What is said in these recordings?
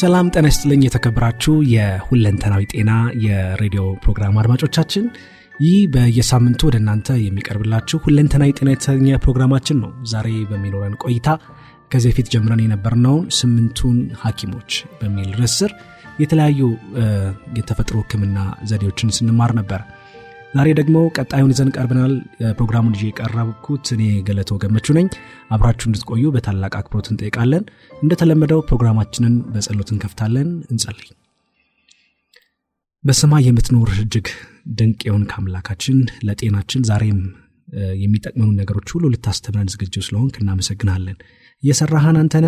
ሰላም ጤና ይስጥልኝ። የተከበራችሁ የሁለንተናዊ ጤና የሬዲዮ ፕሮግራም አድማጮቻችን ይህ በየሳምንቱ ወደ እናንተ የሚቀርብላችሁ ሁለንተናዊ ጤና የተሰኘ ፕሮግራማችን ነው። ዛሬ በሚኖረን ቆይታ ከዚህ በፊት ጀምረን የነበርነውን ስምንቱን ሐኪሞች በሚል ርስር የተለያዩ የተፈጥሮ ህክምና ዘዴዎችን ስንማር ነበር። ዛሬ ደግሞ ቀጣዩን ይዘን ቀርበናል። ፕሮግራሙን ይዤ የቀረብኩት እኔ ገለቶ ገመቹ ነኝ። አብራችሁ እንድትቆዩ በታላቅ አክብሮት እንጠይቃለን። እንደተለመደው ፕሮግራማችንን በጸሎት እንከፍታለን። እንጸልይ። በሰማይ የምትኖር እጅግ ድንቅ የሆን ከአምላካችን ለጤናችን ዛሬም የሚጠቅመኑ ነገሮች ሁሉ ልታስተምረን ዝግጅ ስለሆን እናመሰግናለን። እየሰራህን አንተነ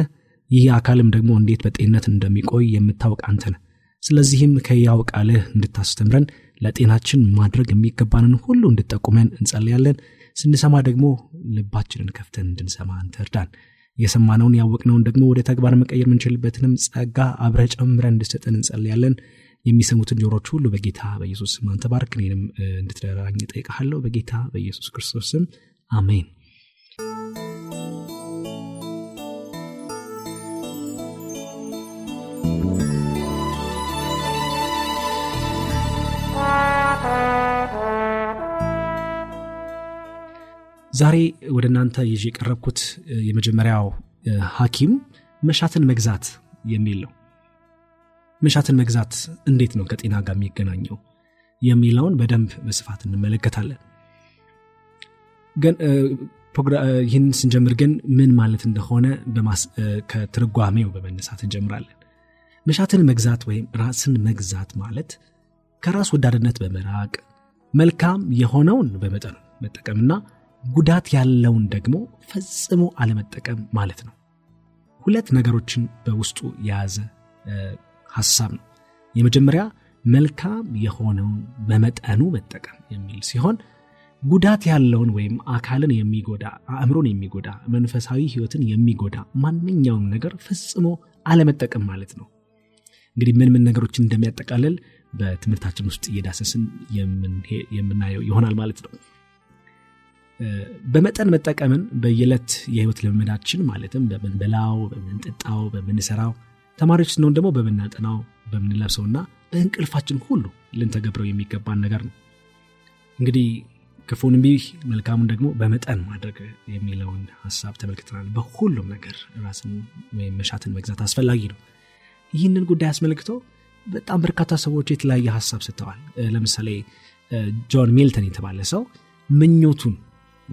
ይህ አካልም ደግሞ እንዴት በጤንነት እንደሚቆይ የምታውቅ አንተነ። ስለዚህም ከያው ቃልህ እንድታስተምረን ለጤናችን ማድረግ የሚገባንን ሁሉ እንድጠቁመን እንጸልያለን። ስንሰማ ደግሞ ልባችንን ከፍተን እንድንሰማ አንተ የሰማነውን ያወቅነውን ደግሞ ወደ ተግባር መቀየር የምንችልበትንም ጸጋ አብረ ጨምረን እንድሰጠን እንጸልያለን። የሚሰሙትን ጆሮች ሁሉ በጌታ በኢየሱስ ስም አንተ እኔንም እንድትደራኝ እጠይቅሃለሁ በጌታ በኢየሱስ ክርስቶስ ስም አሜን። ዛሬ ወደ እናንተ ይ የቀረብኩት የመጀመሪያው ሐኪም መሻትን መግዛት የሚል ነው። መሻትን መግዛት እንዴት ነው ከጤና ጋር የሚገናኘው የሚለውን በደንብ በስፋት እንመለከታለን። ይህን ስንጀምር ግን ምን ማለት እንደሆነ ከትርጓሜው በመነሳት እንጀምራለን። መሻትን መግዛት ወይም ራስን መግዛት ማለት ከራስ ወዳድነት በመራቅ መልካም የሆነውን በመጠኑ መጠቀምና ጉዳት ያለውን ደግሞ ፈጽሞ አለመጠቀም ማለት ነው። ሁለት ነገሮችን በውስጡ የያዘ ሀሳብ ነው። የመጀመሪያ መልካም የሆነውን በመጠኑ መጠቀም የሚል ሲሆን ጉዳት ያለውን ወይም አካልን የሚጎዳ አእምሮን የሚጎዳ መንፈሳዊ ህይወትን የሚጎዳ ማንኛውም ነገር ፈጽሞ አለመጠቀም ማለት ነው። እንግዲህ ምን ምን ነገሮችን እንደሚያጠቃልል በትምህርታችን ውስጥ እየዳሰስን የምናየው ይሆናል ማለት ነው። በመጠን መጠቀምን በየለት የህይወት ልምዳችን ማለትም በምንበላው፣ በምንጠጣው፣ በምንሰራው ተማሪዎች ስንሆን ደግሞ በምናጠናው፣ በምንለብሰውና በእንቅልፋችን ሁሉ ልንተገብረው የሚገባን ነገር ነው። እንግዲህ ክፉን እምቢ መልካሙን ደግሞ በመጠን ማድረግ የሚለውን ሀሳብ ተመልክተናል። በሁሉም ነገር ራስን ወይም መሻትን መግዛት አስፈላጊ ነው። ይህንን ጉዳይ አስመልክቶ በጣም በርካታ ሰዎች የተለያየ ሀሳብ ስተዋል። ለምሳሌ ጆን ሚልተን የተባለ ሰው ምኞቱን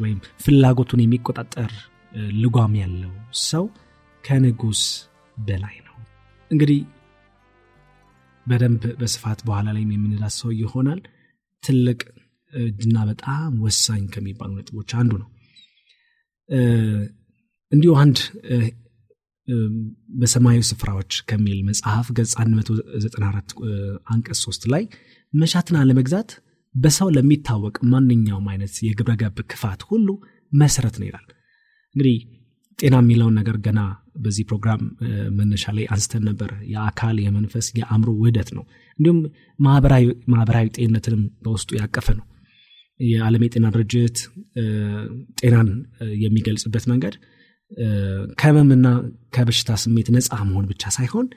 ወይም ፍላጎቱን የሚቆጣጠር ልጓም ያለው ሰው ከንጉስ በላይ ነው። እንግዲህ በደንብ በስፋት በኋላ ላይ የምንዳሰው ይሆናል። ትልቅ እጅና በጣም ወሳኝ ከሚባሉ ነጥቦች አንዱ ነው። እንዲሁ አንድ በሰማያዊ ስፍራዎች ከሚል መጽሐፍ ገጽ 194 አንቀስ 3 ላይ መሻትን አለመግዛት በሰው ለሚታወቅ ማንኛውም አይነት የግብረገብ ክፋት ሁሉ መሰረት ነው ይላል። እንግዲህ ጤና የሚለውን ነገር ገና በዚህ ፕሮግራም መነሻ ላይ አንስተን ነበር። የአካል የመንፈስ፣ የአእምሮ ውህደት ነው። እንዲሁም ማህበራዊ ጤንነትንም በውስጡ ያቀፈ ነው። የዓለም የጤና ድርጅት ጤናን የሚገልጽበት መንገድ ከህመምና ከበሽታ ስሜት ነፃ መሆን ብቻ ሳይሆን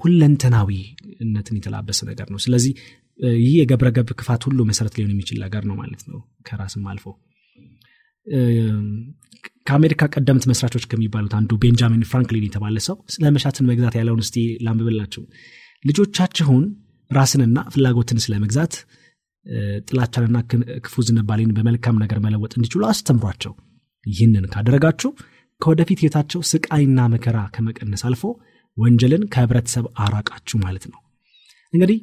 ሁለንተናዊነትን የተላበሰ ነገር ነው። ስለዚህ ይህ የገብረገብ ክፋት ሁሉ መሰረት ሊሆን የሚችል ነገር ነው ማለት ነው። ከራስም አልፎ ከአሜሪካ ቀደምት መስራቾች ከሚባሉት አንዱ ቤንጃሚን ፍራንክሊን የተባለ ሰው ስለ መሻትን መግዛት ያለውን እስቲ ላንብብላችሁ። ልጆቻችሁን ራስንና ፍላጎትን ስለ መግዛት ጥላቻንና ክፉ ዝንባሌን በመልካም ነገር መለወጥ እንዲችሉ አስተምሯቸው። ይህንን ካደረጋችሁ ከወደፊት የታቸው ስቃይና መከራ ከመቀነስ አልፎ ወንጀልን ከህብረተሰብ አራቃችሁ ማለት ነው። እንግዲህ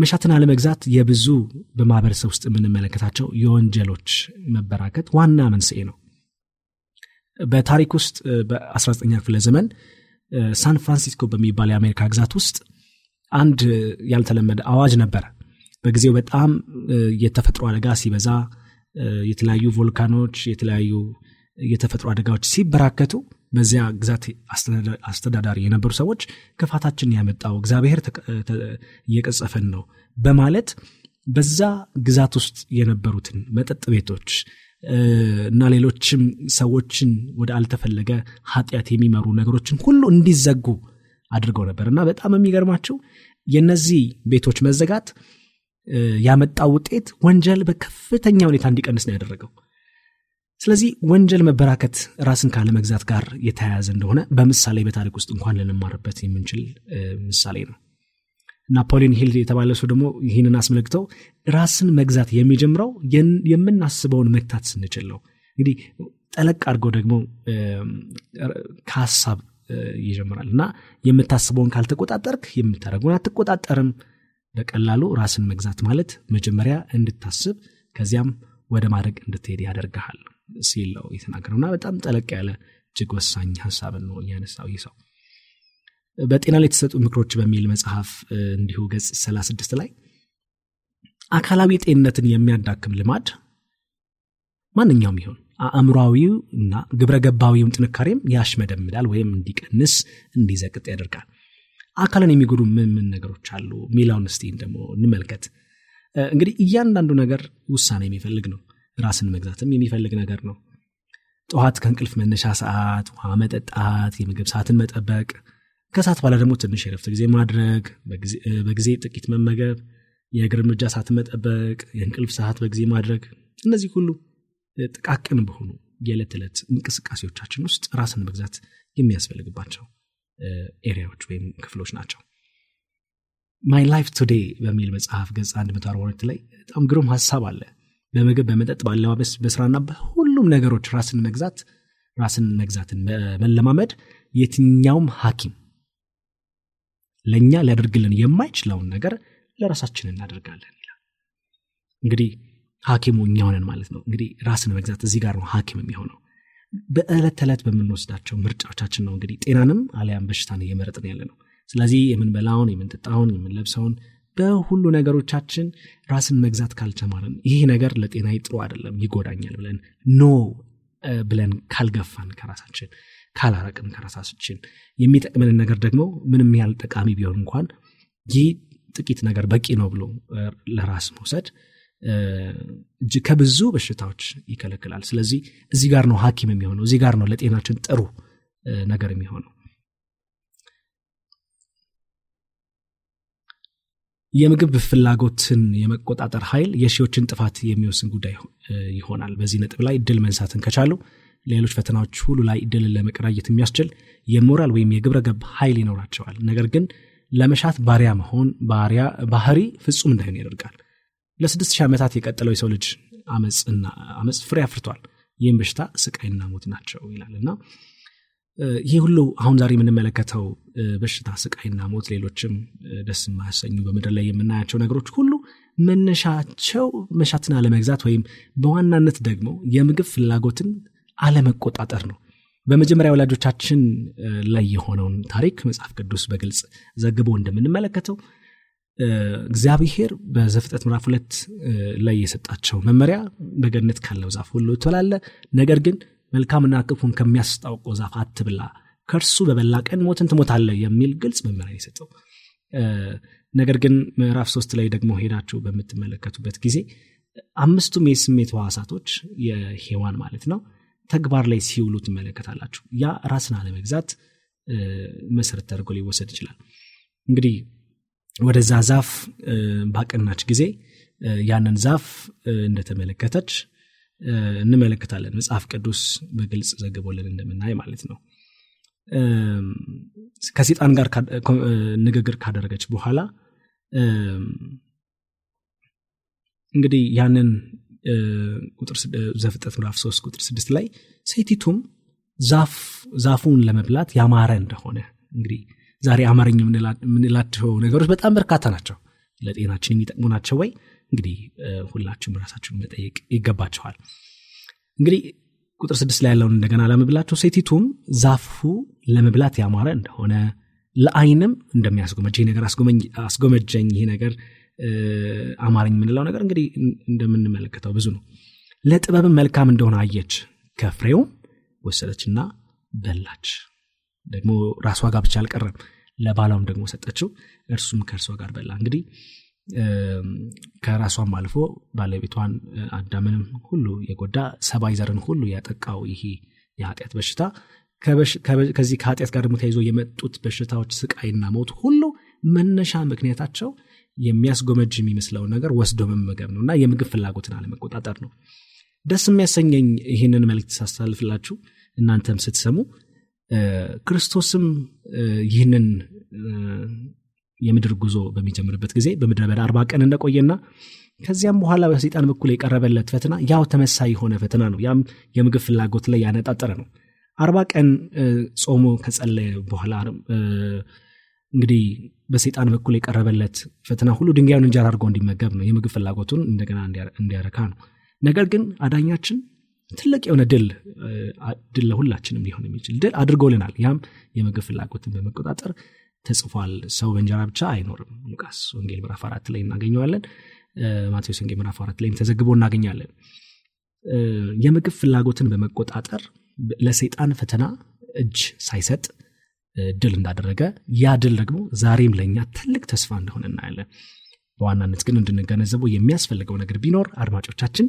መሻትን አለመግዛት የብዙ በማህበረሰብ ውስጥ የምንመለከታቸው የወንጀሎች መበራከት ዋና መንስኤ ነው። በታሪክ ውስጥ በ19ኛ ክፍለ ዘመን ሳን ፍራንሲስኮ በሚባል የአሜሪካ ግዛት ውስጥ አንድ ያልተለመደ አዋጅ ነበረ። በጊዜው በጣም የተፈጥሮ አደጋ ሲበዛ፣ የተለያዩ ቮልካኖች፣ የተለያዩ የተፈጥሮ አደጋዎች ሲበራከቱ በዚያ ግዛት አስተዳዳሪ የነበሩ ሰዎች ክፋታችን ያመጣው እግዚአብሔር እየቀጸፈን ነው በማለት በዛ ግዛት ውስጥ የነበሩትን መጠጥ ቤቶች እና ሌሎችም ሰዎችን ወደ አልተፈለገ ኃጢአት የሚመሩ ነገሮችን ሁሉ እንዲዘጉ አድርገው ነበር እና በጣም የሚገርማቸው የእነዚህ ቤቶች መዘጋት ያመጣው ውጤት ወንጀል በከፍተኛ ሁኔታ እንዲቀንስ ነው ያደረገው ስለዚህ ወንጀል መበራከት ራስን ካለመግዛት ጋር የተያያዘ እንደሆነ በምሳሌ በታሪክ ውስጥ እንኳን ልንማርበት የምንችል ምሳሌ ነው። ናፖሊን ሂል የተባለ ሰው ደግሞ ይህንን አስመልክተው ራስን መግዛት የሚጀምረው የምናስበውን መግታት ስንችል ነው። እንግዲህ ጠለቅ አድርገው ደግሞ ከሀሳብ ይጀምራል እና የምታስበውን ካልተቆጣጠርክ የምታደረጉን አትቆጣጠርም። በቀላሉ ራስን መግዛት ማለት መጀመሪያ እንድታስብ ከዚያም ወደ ማድረግ እንድትሄድ ያደርግሃል። ሲል ነው የተናገረው እና በጣም ጠለቅ ያለ እጅግ ወሳኝ ሀሳብን ነው እያነሳው ይሰው በጤና ላይ የተሰጡ ምክሮች በሚል መጽሐፍ እንዲሁ ገጽ 36 ላይ አካላዊ ጤንነትን የሚያዳክም ልማድ ማንኛውም ይሆን አእምሯዊው እና ግብረገባዊውም ጥንካሬም ያሽመደምዳል ወይም እንዲቀንስ እንዲዘቅጥ ያደርጋል አካልን የሚጎዱ ምን ምን ነገሮች አሉ ሚላውን ስቲን ደግሞ እንመልከት እንግዲህ እያንዳንዱ ነገር ውሳኔ የሚፈልግ ነው ራስን መግዛትም የሚፈልግ ነገር ነው። ጠዋት ከእንቅልፍ መነሻ ሰዓት ውሃ መጠጣት፣ የምግብ ሰዓትን መጠበቅ፣ ከሰዓት በኋላ ደግሞ ትንሽ የረፍት ጊዜ ማድረግ፣ በጊዜ ጥቂት መመገብ፣ የእግር ምጃ ሰዓትን መጠበቅ፣ የእንቅልፍ ሰዓት በጊዜ ማድረግ፣ እነዚህ ሁሉ ጥቃቅን በሆኑ የዕለት ዕለት እንቅስቃሴዎቻችን ውስጥ ራስን መግዛት የሚያስፈልግባቸው ኤሪያዎች ወይም ክፍሎች ናቸው። ማይ ላይፍ ቱዴ በሚል መጽሐፍ ገጽ 142 ላይ በጣም ግሩም ሀሳብ አለ። በምግብ፣ በመጠጥ፣ በአለባበስ፣ በስራና በሁሉም ነገሮች ራስን መግዛት ራስን መግዛትን መለማመድ የትኛውም ሐኪም ለእኛ ሊያደርግልን የማይችለውን ነገር ለራሳችን እናደርጋለን ይላል። እንግዲህ ሐኪሙ እኛውንን ማለት ነው። እንግዲህ ራስን መግዛት እዚህ ጋር ነው ሐኪም የሚሆነው። በዕለት ተዕለት በምንወስዳቸው ምርጫዎቻችን ነው እንግዲህ ጤናንም አሊያም በሽታን እየመረጥን ያለ ነው። ስለዚህ የምንበላውን፣ የምንጠጣውን፣ የምንለብሰውን በሁሉ ነገሮቻችን ራስን መግዛት ካልተማርን ይህ ነገር ለጤና ጥሩ አይደለም ይጎዳኛል ብለን ኖ ብለን ካልገፋን ከራሳችን ካላረቅን ከራሳችን የሚጠቅመንን ነገር ደግሞ ምንም ያህል ጠቃሚ ቢሆን እንኳን ይህ ጥቂት ነገር በቂ ነው ብሎ ለራስ መውሰድ ከብዙ በሽታዎች ይከለክላል። ስለዚህ እዚህ ጋር ነው ሀኪም የሚሆነው፣ እዚህ ጋር ነው ለጤናችን ጥሩ ነገር የሚሆነው። የምግብ ፍላጎትን የመቆጣጠር ኃይል የሺዎችን ጥፋት የሚወስን ጉዳይ ይሆናል። በዚህ ነጥብ ላይ ድል መንሳትን ከቻሉ ሌሎች ፈተናዎች ሁሉ ላይ ድል ለመቀዳየት የሚያስችል የሞራል ወይም የግብረ ገብ ኃይል ይኖራቸዋል። ነገር ግን ለመሻት ባሪያ መሆን ባሪያ ባህሪ ፍጹም እንዳይሆን ያደርጋል። ለስድስት ሺህ ዓመታት የቀጠለው የሰው ልጅ አመፅና አመፅ ፍሬ አፍርቷል። ይህም በሽታ ስቃይና ሞት ናቸው ይላል እና ይህ ሁሉ አሁን ዛሬ የምንመለከተው በሽታ፣ ስቃይና ሞት፣ ሌሎችም ደስ የማያሰኙ በምድር ላይ የምናያቸው ነገሮች ሁሉ መነሻቸው መሻትን አለመግዛት ወይም በዋናነት ደግሞ የምግብ ፍላጎትን አለመቆጣጠር ነው። በመጀመሪያ ወላጆቻችን ላይ የሆነውን ታሪክ መጽሐፍ ቅዱስ በግልጽ ዘግቦ እንደምንመለከተው እግዚአብሔር በዘፍጠት ምራፍ ሁለት ላይ የሰጣቸው መመሪያ በገነት ካለው ዛፍ ሁሉ ትበላለህ፣ ነገር ግን መልካምና ክፉን ከሚያስታውቀው ዛፍ አትብላ፣ ከእርሱ በበላ ቀን ሞትን ትሞታለ የሚል ግልጽ መመሪያ የሰጠው ነገር ግን ምዕራፍ ሶስት ላይ ደግሞ ሄዳችሁ በምትመለከቱበት ጊዜ አምስቱም የስሜት ህዋሳቶች የሄዋን ማለት ነው ተግባር ላይ ሲውሉ ትመለከታላችሁ። ያ ራስን አለመግዛት መሰረት ተደርጎ ሊወሰድ ይችላል። እንግዲህ ወደዛ ዛፍ ባቀናች ጊዜ ያንን ዛፍ እንደተመለከተች እንመለከታለን። መጽሐፍ ቅዱስ በግልጽ ዘግቦልን እንደምናይ ማለት ነው። ከሴጣን ጋር ንግግር ካደረገች በኋላ እንግዲህ ያንን ዘፍጠት ምራፍ ሶስት ቁጥር ስድስት ላይ ሴቲቱም ዛፉን ለመብላት ያማረ እንደሆነ እንግዲህ ዛሬ አማርኛ የምንላቸው ነገሮች በጣም በርካታ ናቸው። ለጤናችን የሚጠቅሙ ናቸው ወይ እንግዲህ ሁላችሁም ራሳችሁን መጠየቅ ይገባችኋል። እንግዲህ ቁጥር ስድስት ላይ ያለውን እንደገና ለመብላቸው ሴቲቱም ዛፉ ለመብላት ያማረ እንደሆነ ለአይንም እንደሚያስጎመጅ ይህ ነገር አስጎመጀኝ። ይሄ ነገር አማረኝ የምንለው ነገር እንግዲህ እንደምንመለከተው ብዙ ነው። ለጥበብም መልካም እንደሆነ አየች፣ ከፍሬውም ወሰደችና በላች። ደግሞ ራሷ ጋር ብቻ አልቀረም፣ ለባላውም ደግሞ ሰጠችው፣ እርሱም ከእርሷ ጋር በላ። እንግዲህ ከራሷም አልፎ ባለቤቷን አዳምንም ሁሉ የጎዳ ሰባይዘርን ዘርን ሁሉ ያጠቃው ይሄ የኃጢአት በሽታ ከዚህ ከኃጢአት ጋር ደግሞ ተይዞ የመጡት በሽታዎች ስቃይና ሞት ሁሉ መነሻ ምክንያታቸው የሚያስጎመጅ የሚመስለውን ነገር ወስዶ መመገብ ነው እና የምግብ ፍላጎትን አለመቆጣጠር ነው ደስ የሚያሰኘኝ ይህንን መልክት ሳሳልፍላችሁ እናንተም ስትሰሙ ክርስቶስም ይህንን የምድር ጉዞ በሚጀምርበት ጊዜ በምድረ በዳ አርባ ቀን እንደቆየና ከዚያም በኋላ በሰይጣን በኩል የቀረበለት ፈተና ያው ተመሳይ የሆነ ፈተና ነው። ያም የምግብ ፍላጎት ላይ ያነጣጠረ ነው። አርባ ቀን ጾሞ ከጸለየ በኋላ እንግዲህ በሰይጣን በኩል የቀረበለት ፈተና ሁሉ ድንጋዩን እንጀራ አድርጎ እንዲመገብ ነው። የምግብ ፍላጎቱን እንደገና እንዲያረካ ነው። ነገር ግን አዳኛችን ትልቅ የሆነ ድል ድል ለሁላችንም ሊሆን የሚችል ድል አድርጎልናል። ያም የምግብ ፍላጎትን በመቆጣጠር ተጽፏል። ሰው በእንጀራ ብቻ አይኖርም። ሉቃስ ወንጌል ምራፍ አራት ላይ እናገኘዋለን። ማቴዎስ ወንጌል ምራፍ አራት ላይም ተዘግቦ እናገኛለን። የምግብ ፍላጎትን በመቆጣጠር ለሰይጣን ፈተና እጅ ሳይሰጥ ድል እንዳደረገ ያ ድል ደግሞ ዛሬም ለእኛ ትልቅ ተስፋ እንደሆነ እናያለን። በዋናነት ግን እንድንገነዘበው የሚያስፈልገው ነገር ቢኖር አድማጮቻችን፣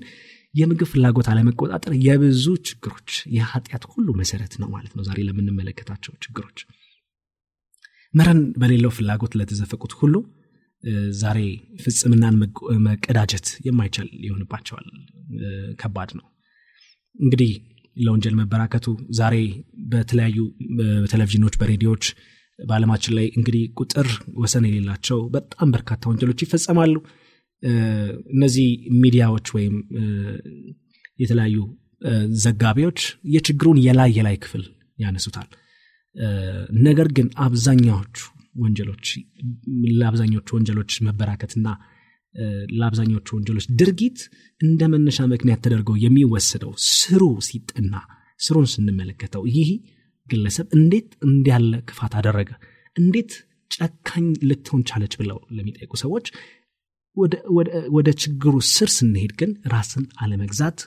የምግብ ፍላጎት አለመቆጣጠር የብዙ ችግሮች የኃጢአት ሁሉ መሰረት ነው ማለት ነው። ዛሬ ለምንመለከታቸው ችግሮች መረን በሌለው ፍላጎት ለተዘፈቁት ሁሉ ዛሬ ፍጽምናን መቀዳጀት የማይቻል ይሆንባቸዋል። ከባድ ነው እንግዲህ ለወንጀል መበራከቱ ዛሬ በተለያዩ ቴሌቪዥኖች በሬዲዮዎች በዓለማችን ላይ እንግዲህ ቁጥር ወሰን የሌላቸው በጣም በርካታ ወንጀሎች ይፈጸማሉ። እነዚህ ሚዲያዎች ወይም የተለያዩ ዘጋቢዎች የችግሩን የላይ የላይ ክፍል ያነሱታል። ነገር ግን አብዛኛዎቹ ወንጀሎች ለአብዛኞቹ ወንጀሎች መበራከትና ለአብዛኞቹ ወንጀሎች ድርጊት እንደ መነሻ ምክንያት ተደርገው የሚወሰደው ስሩ ሲጠና ስሩን ስንመለከተው ይህ ግለሰብ እንዴት እንዲያለ ክፋት አደረገ እንዴት ጨካኝ ልትሆን ቻለች ብለው ለሚጠይቁ ሰዎች ወደ ችግሩ ስር ስንሄድ ግን ራስን አለመግዛት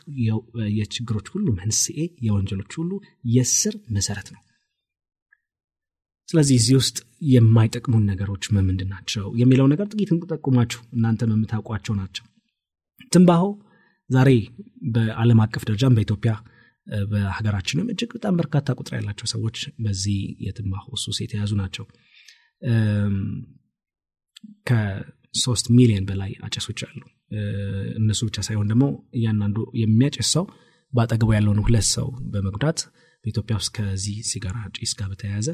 የችግሮች ሁሉ መንስኤ የወንጀሎች ሁሉ የስር መሰረት ነው ስለዚህ እዚህ ውስጥ የማይጠቅሙን ነገሮች ምንድን ናቸው የሚለው ነገር ጥቂት እንጠቁማችሁ። እናንተ የምታውቋቸው ናቸው። ትንባሆ ዛሬ በዓለም አቀፍ ደረጃም በኢትዮጵያ በሀገራችንም እጅግ በጣም በርካታ ቁጥር ያላቸው ሰዎች በዚህ የትንባሆ ሱስ የተያዙ ናቸው። ከሶስት ሚሊዮን በላይ አጨሶች አሉ። እነሱ ብቻ ሳይሆን ደግሞ እያንዳንዱ የሚያጨስ ሰው በአጠገቡ ያለውን ሁለት ሰው በመጉዳት በኢትዮጵያ ውስጥ ከዚህ ሲጋራ ጭስ ጋር በተያያዘ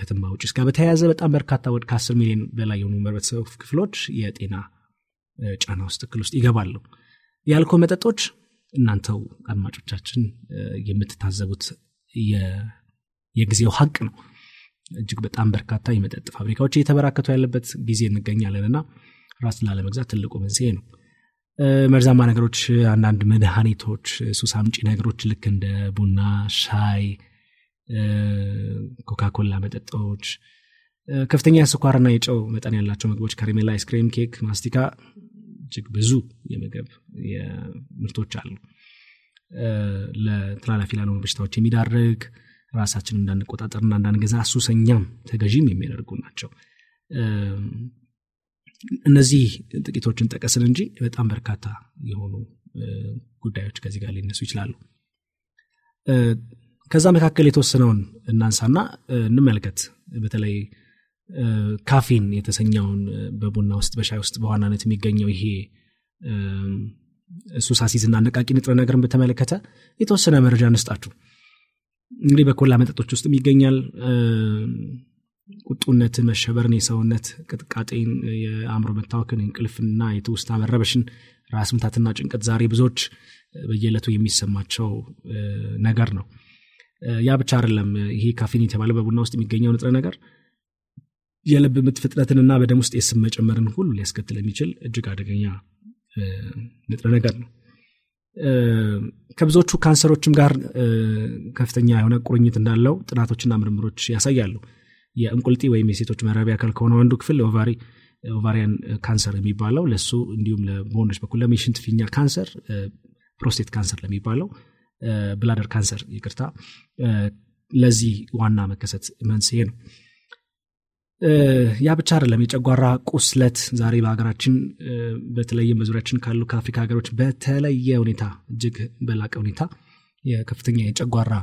ከተማ ውጭ እስጋ በተያያዘ በጣም በርካታ ወደ ከአስር ሚሊዮን በላይ የሆኑ ህብረተሰብ ክፍሎች የጤና ጫና ውስጥ እክል ውስጥ ይገባሉ። የአልኮል መጠጦች እናንተው አድማጮቻችን የምትታዘቡት የጊዜው ሀቅ ነው። እጅግ በጣም በርካታ የመጠጥ ፋብሪካዎች እየተበራከቱ ያለበት ጊዜ እንገኛለን እና ራስ ላለመግዛት ትልቁ መንስኤ ነው። መርዛማ ነገሮች፣ አንዳንድ መድኃኒቶች፣ ሱስ አምጪ ነገሮች ልክ እንደ ቡና፣ ሻይ ኮካኮላ መጠጦች፣ ከፍተኛ ስኳርና የጨው መጠን ያላቸው ምግቦች፣ ከረሜላ፣ አይስክሬም፣ ኬክ፣ ማስቲካ፣ እጅግ ብዙ የምግብ ምርቶች አሉ። ለተላላፊ ላለሆኑ በሽታዎች የሚዳርግ ራሳችን እንዳንቆጣጠርና እንዳንገዛ ሱሰኛም ተገዥም የሚያደርጉ ናቸው። እነዚህ ጥቂቶችን ጠቀስን እንጂ በጣም በርካታ የሆኑ ጉዳዮች ከዚህ ጋር ሊነሱ ይችላሉ። ከዛ መካከል የተወሰነውን እናንሳና እንመልከት። በተለይ ካፊን የተሰኘውን በቡና ውስጥ በሻይ ውስጥ በዋናነት የሚገኘው ይሄ ሱስ እና አነቃቂ ንጥረ ነገርን በተመለከተ የተወሰነ መረጃ እንስጣችሁ። እንግዲህ በኮላ መጠጦች ውስጥም ይገኛል። ቁጡነት፣ መሸበርን፣ የሰውነት ቅጥቃጤን፣ የአእምሮ መታወክን፣ እንቅልፍንና የትውስታ መረበሽን፣ ራስ ጭንቀት ዛሬ ብዙዎች በየለቱ የሚሰማቸው ነገር ነው። ያ ብቻ አይደለም። ይሄ ካፊን የተባለ በቡና ውስጥ የሚገኘው ንጥረ ነገር የልብ ምት ፍጥነትንና በደም ውስጥ የስም መጨመርን ሁሉ ሊያስከትል የሚችል እጅግ አደገኛ ንጥረ ነገር ነው። ከብዙዎቹ ካንሰሮችም ጋር ከፍተኛ የሆነ ቁርኝት እንዳለው ጥናቶችና ምርምሮች ያሳያሉ። የእንቁልጢ ወይም የሴቶች መራቢ አካል ከሆነው አንዱ ክፍል ኦቫሪ ኦቫሪያን ካንሰር የሚባለው ለሱ እንዲሁም በወንዶች በኩል ለሜሽንት ፊኛ ካንሰር፣ ፕሮስቴት ካንሰር ለሚባለው ብላደር ካንሰር ይቅርታ ለዚህ ዋና መከሰት መንስሄ ነው። ያ ብቻ አይደለም። የጨጓራ ቁስለት ዛሬ በሀገራችን በተለይም በዙሪያችን ካሉ ከአፍሪካ ሀገሮች በተለየ ሁኔታ እጅግ በላቀ ሁኔታ የከፍተኛ የጨጓራ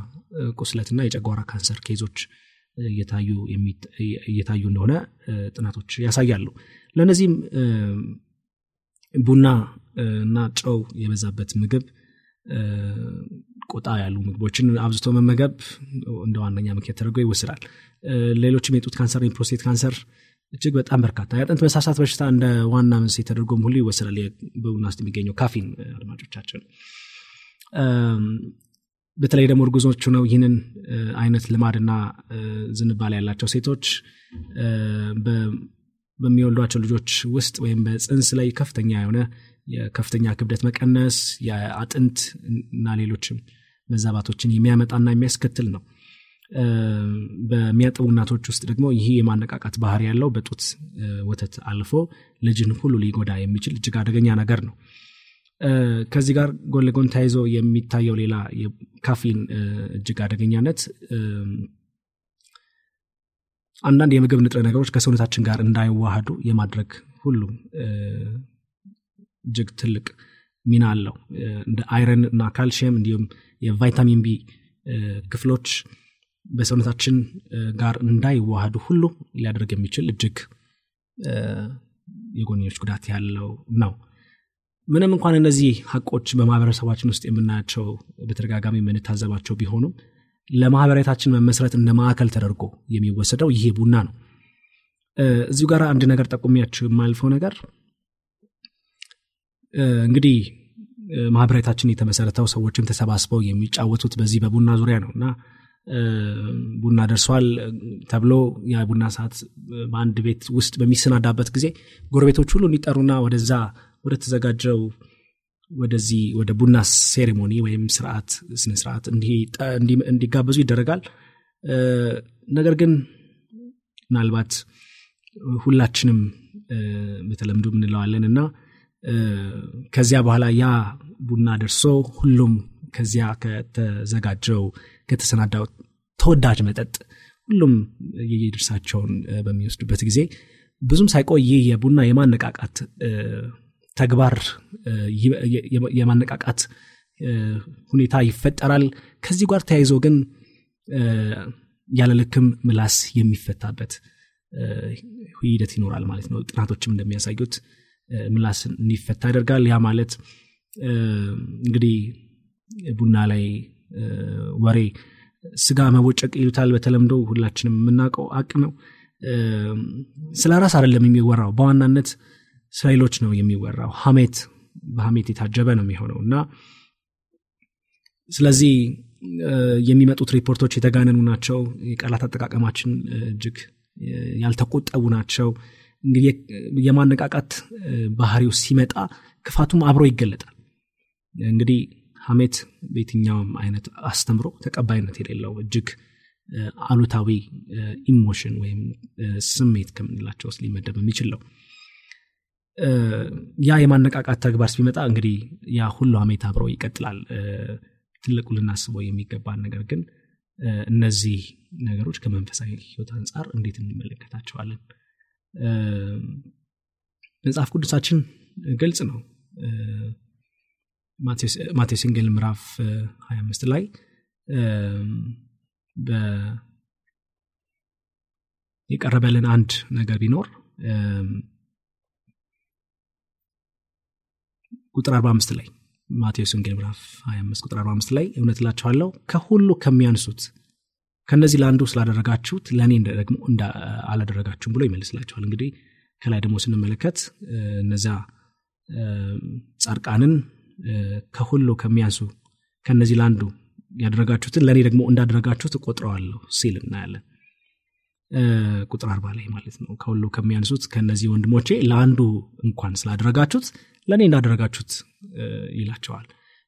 ቁስለትና የጨጓራ ካንሰር ኬዞች እየታዩ እንደሆነ ጥናቶች ያሳያሉ። ለእነዚህም ቡና እና ጨው የበዛበት ምግብ ቆጣ ያሉ ምግቦችን አብዝቶ መመገብ እንደ ዋነኛ ምክንያት ተደርጎ ይወስዳል። ሌሎችም የጡት ካንሰር፣ ፕሮስቴት ካንሰር እጅግ በጣም በርካታ የአጥንት መሳሳት በሽታ እንደ ዋና ምስ ተደርጎም ሁሉ ይወስዳል በቡና ውስጥ የሚገኘው ካፊን አድማጮቻችን በተለይ ደግሞ እርጉዞቹ ነው ይህንን አይነት ልማድና ዝንባል ያላቸው ሴቶች በሚወልዷቸው ልጆች ውስጥ ወይም በፅንስ ላይ ከፍተኛ የሆነ የከፍተኛ ክብደት መቀነስ፣ የአጥንት እና ሌሎችም መዛባቶችን የሚያመጣና የሚያስከትል ነው። በሚያጠቡ እናቶች ውስጥ ደግሞ ይህ የማነቃቃት ባህሪ ያለው በጡት ወተት አልፎ ልጅን ሁሉ ሊጎዳ የሚችል እጅግ አደገኛ ነገር ነው። ከዚህ ጋር ጎን ለጎን ተያይዞ የሚታየው ሌላ የካፊን እጅግ አደገኛነት አንዳንድ የምግብ ንጥረ ነገሮች ከሰውነታችን ጋር እንዳይዋሃዱ የማድረግ ሁሉ እጅግ ትልቅ ሚና አለው። እንደ አይረን እና ካልሽየም እንዲሁም የቫይታሚን ቢ ክፍሎች በሰውነታችን ጋር እንዳይዋሃዱ ሁሉ ሊያደርግ የሚችል እጅግ የጎንዮሽ ጉዳት ያለው ነው። ምንም እንኳን እነዚህ ሀቆች በማህበረሰባችን ውስጥ የምናያቸው በተደጋጋሚ የምንታዘባቸው ቢሆኑም ለማህበሬታችን መመስረት እንደ ማዕከል ተደርጎ የሚወሰደው ይሄ ቡና ነው። እዚሁ ጋር አንድ ነገር ጠቁሚያቸው የማልፈው ነገር እንግዲህ ማህበራዊታችን የተመሰረተው ሰዎችም ተሰባስበው የሚጫወቱት በዚህ በቡና ዙሪያ ነው እና ቡና ደርሷል ተብሎ የቡና ሰዓት በአንድ ቤት ውስጥ በሚሰናዳበት ጊዜ ጎረቤቶች ሁሉ እንዲጠሩና ወደዛ ወደ ተዘጋጀው ወደዚህ ወደ ቡና ሴሬሞኒ ወይም ስርዓት ስነስርዓት እንዲጋበዙ ይደረጋል። ነገር ግን ምናልባት ሁላችንም በተለምዶ እንለዋለን እና ከዚያ በኋላ ያ ቡና ደርሶ ሁሉም ከዚያ ከተዘጋጀው ከተሰናዳው ተወዳጅ መጠጥ ሁሉም የየድርሳቸውን በሚወስዱበት ጊዜ ብዙም ሳይቆይ ይህ የቡና የማነቃቃት ተግባር የማነቃቃት ሁኔታ ይፈጠራል። ከዚህ ጋር ተያይዞ ግን ያለልክም ምላስ የሚፈታበት ሂደት ይኖራል ማለት ነው። ጥናቶችም እንደሚያሳዩት ምላስ እንዲፈታ ያደርጋል። ያ ማለት እንግዲህ ቡና ላይ ወሬ ስጋ መቦጨቅ ይሉታል በተለምዶ ሁላችንም የምናውቀው አቅ ነው። ስለ ራስ አይደለም የሚወራው፣ በዋናነት ስለ ሌሎች ነው የሚወራው። ሀሜት በሀሜት የታጀበ ነው የሚሆነው እና ስለዚህ የሚመጡት ሪፖርቶች የተጋነኑ ናቸው። የቃላት አጠቃቀማችን እጅግ ያልተቆጠቡ ናቸው። እንግዲህ የማነቃቃት ባህሪው ሲመጣ ክፋቱም አብሮ ይገለጣል። እንግዲህ ሀሜት በየትኛውም አይነት አስተምሮ ተቀባይነት የሌለው እጅግ አሉታዊ ኢሞሽን ወይም ስሜት ከምንላቸው ውስጥ ሊመደብ የሚችል ነው። ያ የማነቃቃት ተግባር ሲመጣ እንግዲህ ያ ሁሉ ሀሜት አብሮ ይቀጥላል። ትልቁ ልናስበው የሚገባን ነገር ግን እነዚህ ነገሮች ከመንፈሳዊ ህይወት አንጻር እንዴት እንመለከታቸዋለን? መጽሐፍ ቅዱሳችን ግልጽ ነው ማቴዎስ ወንጌል ምዕራፍ 25 ላይ የቀረበልን አንድ ነገር ቢኖር ቁጥር 45 ላይ ማቴዎስ ወንጌል ምዕራፍ 25 ቁጥር 45 ላይ እውነት ላቸኋለው ከሁሉ ከሚያንሱት ከእነዚህ ለአንዱ ስላደረጋችሁት ለእኔ ደግሞ አላደረጋችሁም ብሎ ይመልስላቸዋል። እንግዲህ ከላይ ደግሞ ስንመለከት እነዚያ ጻርቃንን ከሁሉ ከሚያንሱ ከእነዚህ ለአንዱ ያደረጋችሁትን ለእኔ ደግሞ እንዳደረጋችሁት ቆጥረዋለሁ ሲል እናያለን። ቁጥር አርባ ላይ ማለት ነው። ከሁሉ ከሚያንሱት ከነዚህ ወንድሞቼ ለአንዱ እንኳን ስላደረጋችሁት ለእኔ እንዳደረጋችሁት ይላቸዋል።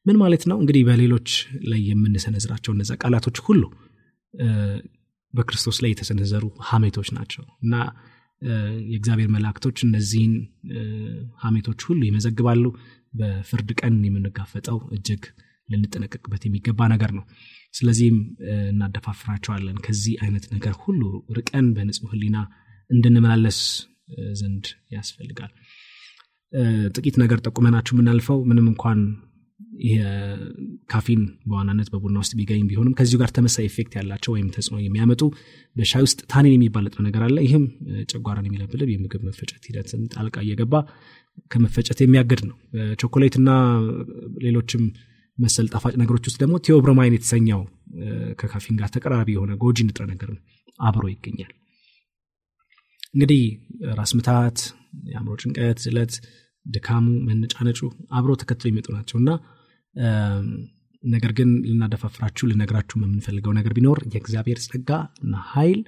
ምን ማለት ነው? እንግዲህ በሌሎች ላይ የምንሰነዝራቸው እነዚ ቃላቶች ሁሉ በክርስቶስ ላይ የተሰነዘሩ ሀሜቶች ናቸው እና የእግዚአብሔር መላእክቶች እነዚህን ሀሜቶች ሁሉ ይመዘግባሉ በፍርድ ቀን የምንጋፈጠው እጅግ ልንጠነቀቅበት የሚገባ ነገር ነው ስለዚህም እናደፋፍራቸዋለን ከዚህ አይነት ነገር ሁሉ ርቀን በንጹህ ህሊና እንድንመላለስ ዘንድ ያስፈልጋል ጥቂት ነገር ጠቁመናችሁ የምናልፈው ምንም እንኳን ካፊን በዋናነት በቡና ውስጥ ቢገኝ ቢሆንም ከዚሁ ጋር ተመሳይ ኢፌክት ያላቸው ወይም ተጽዕኖ የሚያመጡ በሻይ ውስጥ ታኒን የሚባል ንጥረ ነገር አለ። ይህም ጨጓራን የሚለብልብ የምግብ መፈጨት ሂደትን ጣልቃ እየገባ ከመፈጨት የሚያገድ ነው። እና ሌሎችም መሰል ጣፋጭ ነገሮች ውስጥ ደግሞ ቴዎብሮማይን የተሰኘው ከካፊን ጋር ተቀራራቢ የሆነ ጎጂ ንጥረ ነገር አብሮ ይገኛል። እንግዲህ ራስ ምታት፣ የአእምሮ ጭንቀት፣ እለት ድካሙ፣ መነጫነጩ አብሮ ተከትሎ የሚመጡ ናቸው እና ነገር ግን ልናደፋፍራችሁ ልነግራችሁ የምንፈልገው ነገር ቢኖር የእግዚአብሔር እና ኃይል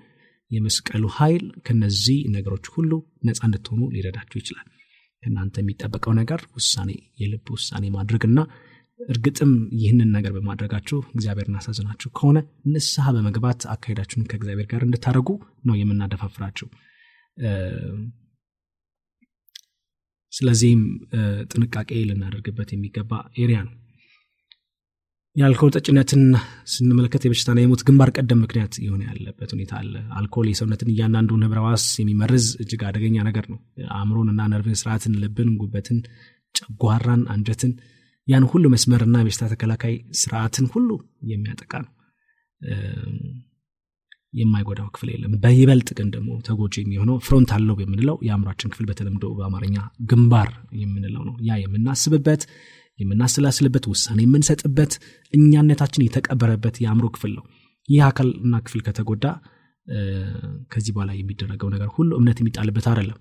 የመስቀሉ ኃይል ከነዚህ ነገሮች ሁሉ ነፃ እንድትሆኑ ሊረዳችሁ ይችላል። ከእናንተ የሚጠበቀው ነገር ውሳኔ፣ የልብ ውሳኔ ማድረግና እርግጥም ይህንን ነገር በማድረጋችሁ እግዚአብሔር እናሳዝናችሁ ከሆነ ንስሐ በመግባት አካሄዳችሁን ከእግዚአብሔር ጋር እንድታደርጉ ነው የምናደፋፍራችሁ። ስለዚህም ጥንቃቄ ልናደርግበት የሚገባ ኤሪያ ነው። የአልኮል ጠጭነትን ስንመለከት የበሽታና የሞት ግንባር ቀደም ምክንያት የሆነ ያለበት ሁኔታ አለ። አልኮል የሰውነትን እያንዳንዱ ህብረዋስ የሚመርዝ እጅግ አደገኛ ነገር ነው። አእምሮን እና ነርቭን፣ ስርዓትን፣ ልብን፣ ጉበትን፣ ጨጓራን፣ አንጀትን ያን ሁሉ መስመርና የበሽታ ተከላካይ ስርዓትን ሁሉ የሚያጠቃ ነው። የማይጎዳው ክፍል የለም። በይበልጥ ግን ደግሞ ተጎጂ የሚሆነው ፍሮንት አለው የምንለው የአእምሯችን ክፍል በተለምዶ በአማርኛ ግንባር የምንለው ነው። ያ የምናስብበት የምናሰላስልበት፣ ውሳኔ የምንሰጥበት፣ እኛነታችን የተቀበረበት የአእምሮ ክፍል ነው። ይህ አካልና ክፍል ከተጎዳ ከዚህ በኋላ የሚደረገው ነገር ሁሉ እምነት የሚጣልበት አይደለም።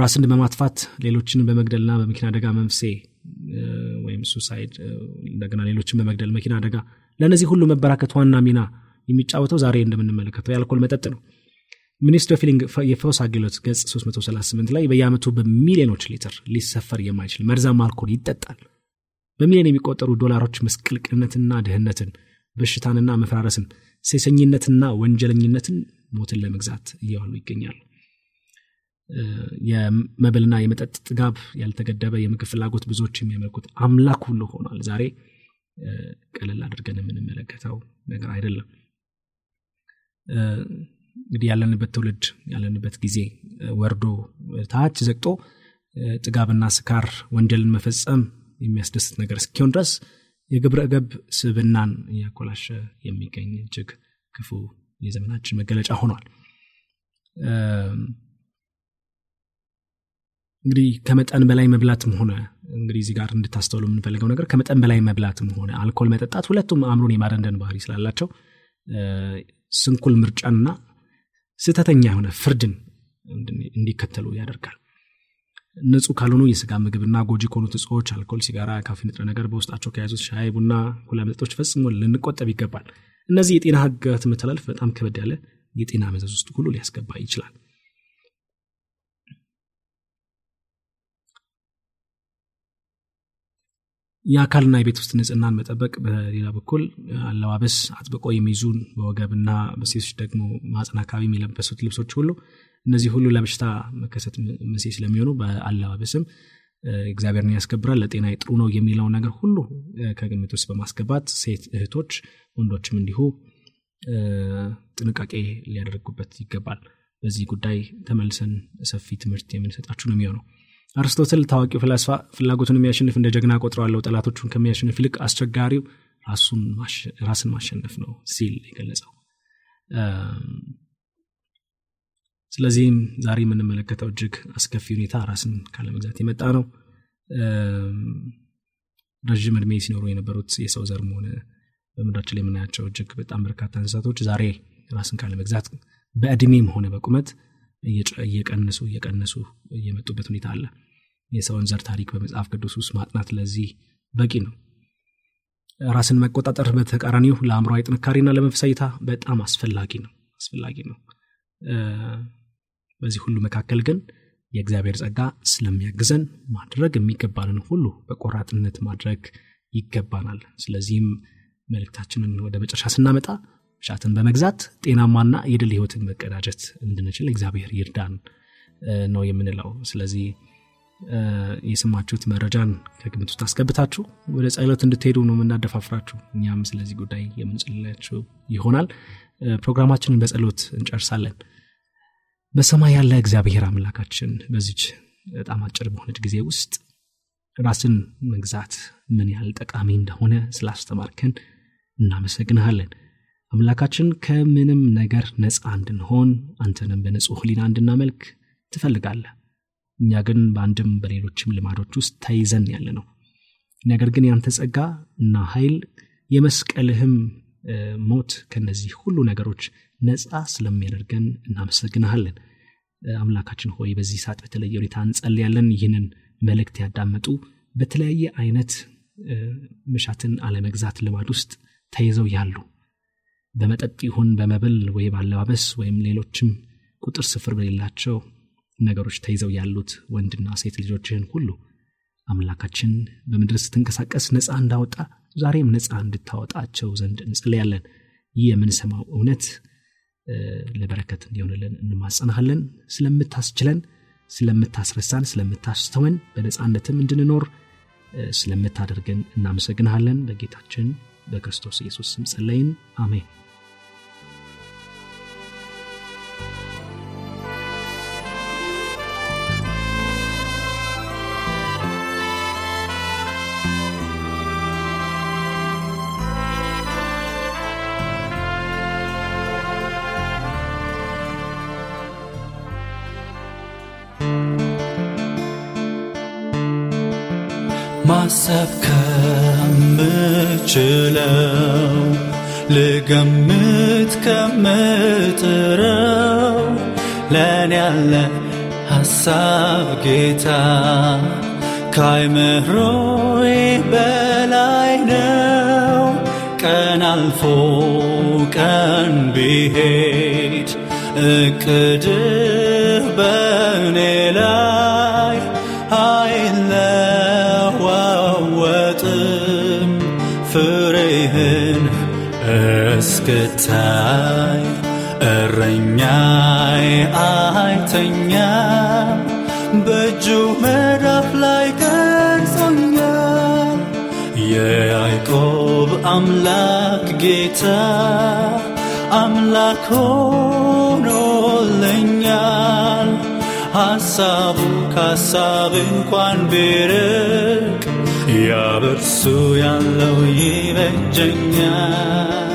ራስን በማጥፋት ሌሎችን በመግደልና በመኪና አደጋ መንፍሴ ወይም ሱሳይድ እንደገና ሌሎችን በመግደል መኪና አደጋ ለእነዚህ ሁሉ መበራከት ዋና ሚና የሚጫወተው ዛሬ እንደምንመለከተው የአልኮል መጠጥ ነው። ሚኒስትሪ ኦፍ ሂሊንግ የፈውስ አገልግሎት ገጽ 338 ላይ በየአመቱ በሚሊዮኖች ሊትር ሊሰፈር የማይችል መርዛማ አልኮል ይጠጣል። በሚሊዮን የሚቆጠሩ ዶላሮች ምስቅልቅልነትና ድህነትን፣ በሽታንና መፈራረስን፣ ሴሰኝነትና ወንጀለኝነትን፣ ሞትን ለመግዛት እየዋሉ ይገኛሉ። የመብልና የመጠጥ ጥጋብ፣ ያልተገደበ የምግብ ፍላጎት ብዙዎች የሚያመልኩት አምላክ ሁሉ ሆኗል። ዛሬ ቀለል አድርገን የምንመለከተው ነገር አይደለም። እንግዲህ ያለንበት ትውልድ ያለንበት ጊዜ ወርዶ ታች ዘግጦ ጥጋብና ስካር ወንጀልን መፈጸም የሚያስደስት ነገር እስኪሆን ድረስ የግብረ ገብ ስብናን እያኮላሸ የሚገኝ እጅግ ክፉ የዘመናችን መገለጫ ሆኗል። እንግዲህ ከመጠን በላይ መብላትም ሆነ እንግዲህ እዚህ ጋር እንድታስተውሉ የምንፈልገው ነገር ከመጠን በላይ መብላትም ሆነ አልኮል መጠጣት ሁለቱም አእምሮን የማደንደን ባህሪ ስላላቸው ስንኩል ምርጫና ስህተተኛ የሆነ ፍርድን እንዲከተሉ ያደርጋል። ንጹ ካልሆኑ የስጋ ምግብና ጎጂ ከሆኑ ትጽዎች አልኮል፣ ሲጋራ፣ ካፊ ንጥረ ነገር በውስጣቸው ከያዙት ሻይ፣ ቡና፣ ኮላ መጠጦች ፈጽሞ ልንቆጠብ ይገባል። እነዚህ የጤና ህገት መተላልፍ በጣም ከበድ ያለ የጤና መዘዝ ውስጥ ሁሉ ሊያስገባ ይችላል። የአካልና የቤት ውስጥ ንጽህናን መጠበቅ በሌላ በኩል አለባበስ አጥብቆ የሚይዙን በወገብና በሴቶች ደግሞ ማጽን አካባቢ የሚለበሱት ልብሶች ሁሉ እነዚህ ሁሉ ለበሽታ መከሰት መንስኤ ስለሚሆኑ በአለባበስም እግዚአብሔርን ያስከብራል ለጤና ጥሩ ነው የሚለውን ነገር ሁሉ ከግምት ውስጥ በማስገባት ሴት እህቶች፣ ወንዶችም እንዲሁ ጥንቃቄ ሊያደርጉበት ይገባል። በዚህ ጉዳይ ተመልሰን ሰፊ ትምህርት የምንሰጣችሁ ነው የሚሆነው። አርስቶትል ታዋቂው ፍላስፋ ፍላጎቱን የሚያሸንፍ እንደ ጀግና ቆጥረዋለው፣ ጠላቶቹን ከሚያሸንፍ ይልቅ አስቸጋሪው ራስን ማሸነፍ ነው ሲል የገለጸው። ስለዚህም ዛሬ የምንመለከተው እጅግ አስከፊ ሁኔታ ራስን ካለመግዛት የመጣ ነው። ረዥም እድሜ ሲኖሩ የነበሩት የሰው ዘር ሆነ በምድራችን ላይ የምናያቸው እጅግ በጣም በርካታ እንስሳቶች ዛሬ ራስን ካለመግዛት በእድሜም ሆነ በቁመት እየቀነሱ እየቀነሱ የመጡበት ሁኔታ አለ። የሰውን ዘር ታሪክ በመጽሐፍ ቅዱስ ውስጥ ማጥናት ለዚህ በቂ ነው። ራስን መቆጣጠር በተቃራኒው ለአእምሯዊ ጥንካሬና ለመንፈሳዊታ በጣም አስፈላጊ ነው አስፈላጊ ነው። በዚህ ሁሉ መካከል ግን የእግዚአብሔር ጸጋ ስለሚያግዘን ማድረግ የሚገባንን ሁሉ በቆራጥነት ማድረግ ይገባናል። ስለዚህም መልእክታችንን ወደ መጨረሻ ስናመጣ ሻትን በመግዛት ጤናማና የድል ህይወትን መቀዳጀት እንድንችል እግዚአብሔር ይርዳን ነው የምንለው። ስለዚህ የስማችሁት መረጃን ከግምት ውስጥ አስገብታችሁ ወደ ጸሎት እንድትሄዱ ነው የምናደፋፍራችሁ። እኛም ስለዚህ ጉዳይ የምንጽልላችሁ ይሆናል። ፕሮግራማችንን በጸሎት እንጨርሳለን። በሰማይ ያለ እግዚአብሔር አምላካችን በዚች በጣም አጭር በሆነች ጊዜ ውስጥ ራስን መግዛት ምን ያህል ጠቃሚ እንደሆነ ስላስተማርከን እናመሰግንሃለን። አምላካችን ከምንም ነገር ነፃ እንድንሆን አንተንም በንጹሕ ሊና እንድናመልክ ትፈልጋለህ። እኛ ግን በአንድም በሌሎችም ልማዶች ውስጥ ተይዘን ያለ ነው። ነገር ግን ያንተ ጸጋ እና ኃይል የመስቀልህም ሞት ከነዚህ ሁሉ ነገሮች ነፃ ስለሚያደርገን እናመሰግንሃለን። አምላካችን ሆይ በዚህ ሰዓት በተለየ ሁኔታ እንጸልያለን። ይህንን መልእክት ያዳመጡ በተለያየ አይነት ምሻትን አለመግዛት ልማድ ውስጥ ተይዘው ያሉ በመጠጥ ይሁን በመብል ወይ ባለባበስ ወይም ሌሎችም ቁጥር ስፍር በሌላቸው ነገሮች ተይዘው ያሉት ወንድና ሴት ልጆችህን ሁሉ አምላካችን በምድር ስትንቀሳቀስ ነፃ እንዳወጣ ዛሬም ነፃ እንድታወጣቸው ዘንድ እንጽለያለን። ይህ የምንሰማው እውነት ለበረከት እንዲሆንልን እንማጸናሃለን። ስለምታስችለን፣ ስለምታስረሳን፣ ስለምታስተወን በነፃነትም እንድንኖር ስለምታደርገን እናመሰግንሃለን። በጌታችን በክርስቶስ ኢየሱስ ስም ጸለይን፣ አሜን። ማሰብ ከምችለው ልገምት ከምጥረው ለእኔ ያለ ሐሳብ ጌታ ካይምሮዬ በላይ ነው። ቀን አልፎ ቀን ቢሄድ እቅድህ በእኔ ላይ እስክታይ እረኛዬ አይተኛም፣ በእጁ መዳፍ ላይ ቀርጾኛል። የያዕቆብ አምላክ ጌታ አምላክ ሆኖለኛል። ሐሳቡ ከሐሳብ እንኳን ቢርቅ ያበርሱ ያለው ይበጀኛል።